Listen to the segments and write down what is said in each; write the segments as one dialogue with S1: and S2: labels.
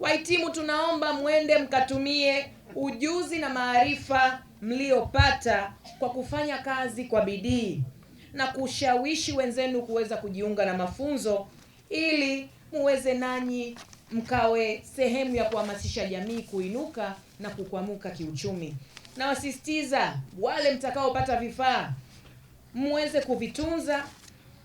S1: Wahitimu, tunaomba mwende mkatumie ujuzi na maarifa mliopata kwa kufanya kazi kwa bidii na kushawishi wenzenu kuweza kujiunga na mafunzo ili muweze nanyi mkawe sehemu ya kuhamasisha jamii kuinuka na kukwamuka kiuchumi. Nawasisitiza wale mtakaopata vifaa muweze kuvitunza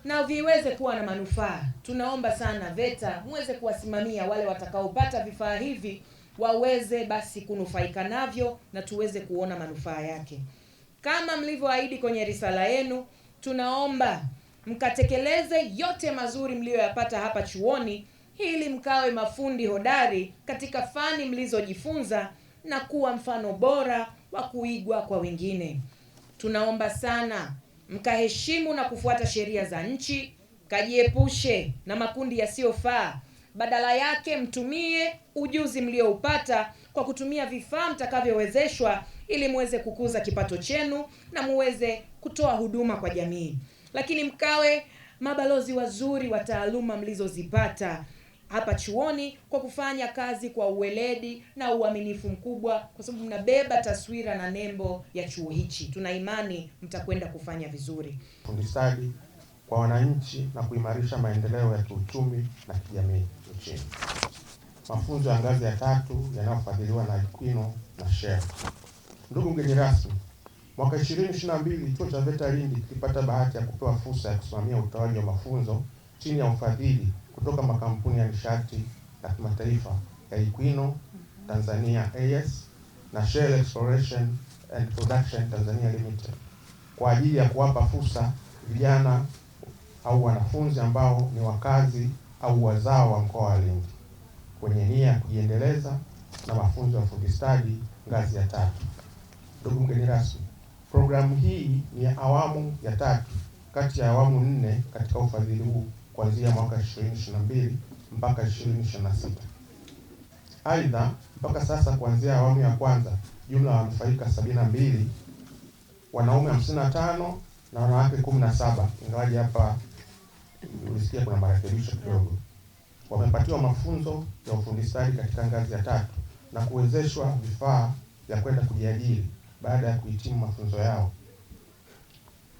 S1: na viweze kuwa na manufaa. Tunaomba sana VETA muweze kuwasimamia wale watakaopata vifaa hivi waweze basi kunufaika navyo na tuweze kuona manufaa yake. Kama mlivyoahidi kwenye risala yenu, tunaomba mkatekeleze yote mazuri mliyoyapata hapa chuoni ili mkawe mafundi hodari katika fani mlizojifunza na kuwa mfano bora wa kuigwa kwa wengine. Tunaomba sana mkaheshimu na kufuata sheria za nchi, kajiepushe na makundi yasiyofaa. Badala yake mtumie ujuzi mlioupata kwa kutumia vifaa mtakavyowezeshwa, ili muweze kukuza kipato chenu na muweze kutoa huduma kwa jamii, lakini mkawe mabalozi wazuri wa taaluma mlizozipata hapa chuoni kwa kufanya kazi kwa uweledi na uaminifu mkubwa, kwa sababu mnabeba taswira na nembo ya chuo hichi. Tuna imani mtakwenda kufanya vizuri.
S2: Fundi kwa wananchi na kuimarisha maendeleo ya kiuchumi na kijamii nchini. Mafunzo ya ngazi ya tatu yanayofadhiliwa na Equino na Shell. Ndugu mgeni rasmi, mwaka 2022 chuo cha VETA Lindi kilipata bahati ya kupewa fursa ya kusimamia utoaji wa mafunzo chini ya ufadhili kutoka makampuni ya nishati ya kimataifa ya Equino Tanzania AS na Shell Exploration and Production Tanzania Limited kwa ajili ya kuwapa fursa vijana au wanafunzi ambao ni wakazi au wazao wa mkoa wa Lindi kwenye nia ya kujiendeleza na mafunzo ya ufundi stadi ngazi ya tatu. Ndugu mgeni rasmi, programu hii ni ya awamu ya tatu kati ya awamu nne katika ufadhili huu kuanzia mwaka 2022 mpaka 2026. Aidha, mpaka sasa kuanzia awamu ya kwanza jumla ya wanufaika 72 wanaume 55 na wanawake 17, ingawaje hapa ulisikia kuna marekebisho kidogo, wamepatiwa mafunzo ya ufundi stadi katika ngazi ya tatu na kuwezeshwa vifaa vya kwenda kujiajiri baada ya kuhitimu mafunzo yao.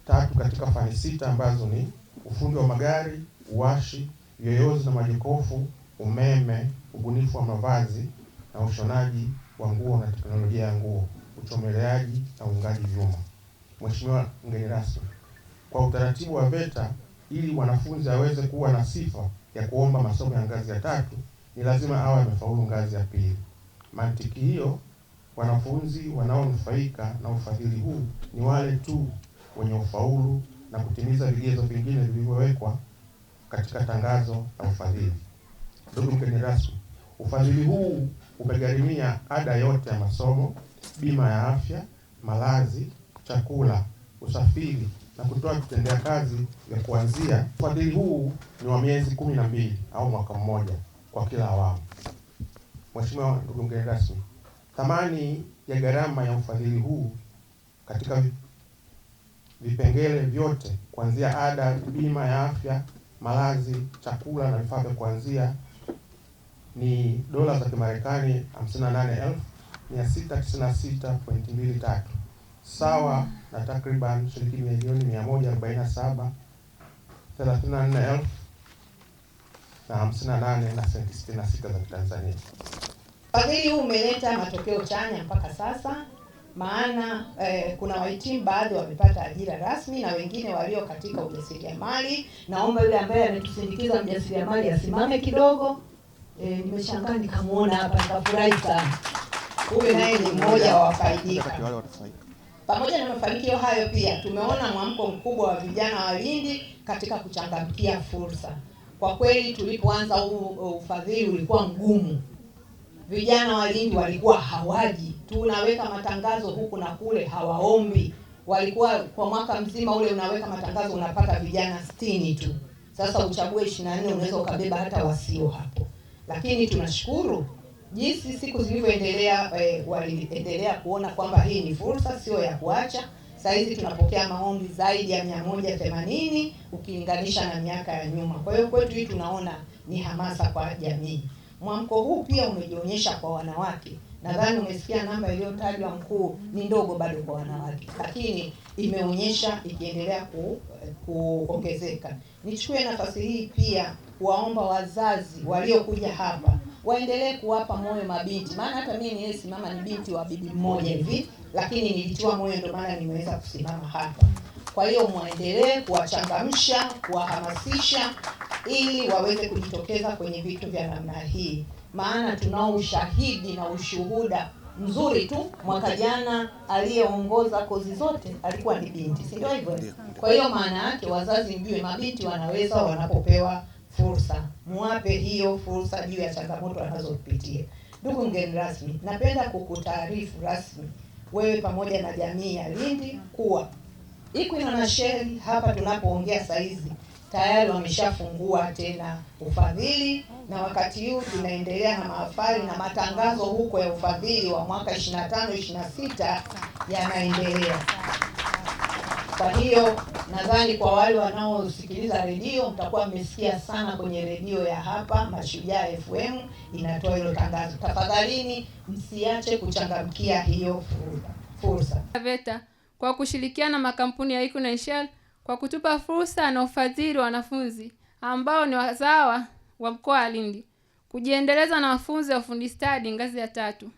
S2: Tatu katika fani sita ambazo ni ufundi wa magari, uwashi, vyoyozi na majokofu, umeme, ubunifu wa mavazi na ushonaji wa nguo na teknolojia ya nguo, uchomeleaji na uungaji vyuma. Mheshimiwa mgeni rasmi, kwa utaratibu wa VETA ili mwanafunzi aweze kuwa na sifa ya kuomba masomo ya ngazi ya tatu ni lazima awe amefaulu ngazi ya pili. Mantiki hiyo, wanafunzi wanaonufaika na ufadhili huu ni wale tu wenye ufaulu na kutimiza vigezo vingine vilivyowekwa katika tangazo la ufadhili. Ndugu mgeni rasmi, ufadhili huu umegharimia ada yote ya masomo, bima ya afya, malazi, chakula, usafiri na kutoa kutendea kazi ya kuanzia. Ufadhili huu ni wa miezi kumi na mbili au mwaka mmoja kwa kila awamu. Mheshimiwa ndugu mgeni rasmi, thamani ya gharama ya ufadhili huu katika vipengele vyote kuanzia ada, bima ya afya malazi, chakula na vifaa vya kuanzia ni dola za Kimarekani 58,696.23 sawa na takriban shilingi milioni 147 na na nane na senti 66 za Kitanzania.
S3: Fadhili huu umeleta matokeo chanya mpaka sasa maana eh, kuna wahitimu baadhi wamepata ajira rasmi na wengine walio katika ujasiriamali. Naomba yule ambaye ametusindikiza mjasiriamali asimame kidogo. Eh, nimeshangaa nikamwona hapa nikafurahi sana. Huyu naye ni mmoja wa wafaidika. Pamoja na mafanikio hayo, pia tumeona mwamko mkubwa wa vijana wa Lindi katika kuchangamkia fursa. Kwa kweli tulipoanza huu eh, ufadhili ulikuwa mgumu vijana wa Lindi walikuwa hawaji, tunaweka matangazo huku na kule, hawaombi. Walikuwa kwa mwaka mzima ule unaweka matangazo unapata vijana sitini tu. Sasa uchague 24 unaweza ukabeba hata wasio hapo, lakini tunashukuru jinsi siku zilivyoendelea, e, waliendelea kuona kwamba hii ni fursa sio ya kuacha. Sasa hizi tunapokea maombi zaidi ya 180 ukilinganisha na miaka ya nyuma. Kwa hiyo kwetu hii tunaona ni hamasa kwa jamii. Mwamko huu pia umejionyesha kwa wanawake. Nadhani umesikia namba iliyotajwa mkuu ni ndogo bado kwa wanawake, lakini imeonyesha ikiendelea ku, kuongezeka. Nichukue nafasi hii pia kuwaomba wazazi waliokuja hapa waendelee kuwapa moyo mabinti, maana hata mimi niliyesimama ni binti wa bibi mmoja hivi, lakini nilitiwa moyo, ndio maana nimeweza kusimama hapa. Kwa hiyo mwaendelee kuwachangamsha, kuwahamasisha ili waweze kujitokeza kwenye vitu vya namna hii, maana tunao ushahidi na ushuhuda mzuri tu. Mwaka jana aliyeongoza kozi zote alikuwa ni binti, si ndio hivyo? Kwa hiyo maana yake wazazi, mjue mabinti wanaweza wanapopewa fursa, mwape hiyo fursa juu ya changamoto wanazopitia. Ndugu mgeni rasmi, napenda kukutaarifu rasmi wewe pamoja na jamii ya Lindi kuwa Ikwino na Sheri hapa tunapoongea saizi tayari wameshafungua tena ufadhili, na wakati huu tunaendelea na mahafali na matangazo huko ya ufadhili wa mwaka 25 26 yanaendelea. Kwa hiyo nadhani kwa wale wanaosikiliza redio mtakuwa mmesikia sana kwenye redio ya hapa Mashujaa FM inatoa hilo tangazo. Tafadhalini msiache kuchangamkia hiyo fursa.
S4: Veta kwa kushirikiana na makampuni ya Eco na Shell kwa kutupa fursa na ufadhili wa wanafunzi ambao ni wazawa wa mkoa wa Lindi kujiendeleza na mafunzo ya ufundi stadi ngazi ya tatu.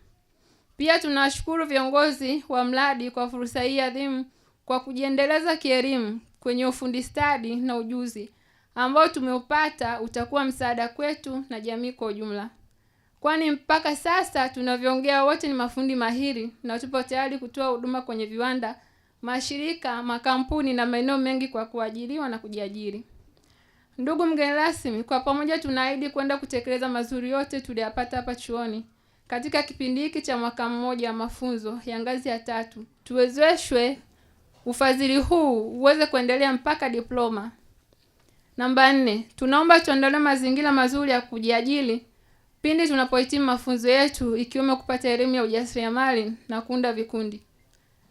S4: Pia tunawashukuru viongozi wa mradi kwa fursa hii adhimu kwa kujiendeleza kielimu kwenye ufundi stadi na ujuzi ambao tumeupata utakuwa msaada kwetu na jamii kwa ujumla, kwani mpaka sasa tunavyoongea wote ni mafundi mahiri na tupo tayari kutoa huduma kwenye viwanda mashirika, makampuni na maeneo mengi kwa kuajiriwa na kujiajiri. Ndugu mgeni rasmi, kwa pamoja tunaahidi kwenda kutekeleza mazuri yote tuliyapata hapa chuoni katika kipindi hiki cha mwaka mmoja wa mafunzo ya ngazi ya tatu. Tuwezeshwe ufadhili huu uweze kuendelea mpaka diploma. Namba nne, tunaomba tuandalie mazingira mazuri ya kujiajiri pindi tunapohitimu mafunzo yetu, ikiwemo kupata elimu ya ujasiriamali na kuunda vikundi.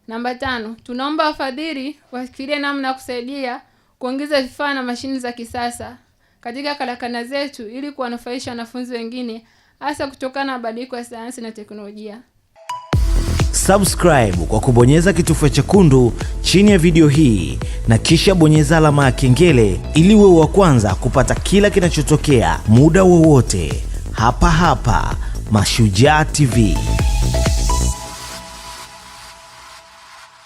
S4: Namba tano, tunaomba wafadhili wafikirie namna ya kusaidia kuongeza vifaa na mashine za kisasa katika karakana zetu ili kuwanufaisha wanafunzi wengine hasa kutokana na mabadiliko ya sayansi na teknolojia. Subscribe kwa kubonyeza kitufe chekundu chini ya video hii na kisha bonyeza alama ya kengele ili uwe wa kwanza kupata kila kinachotokea muda wowote hapa hapa Mashujaa TV.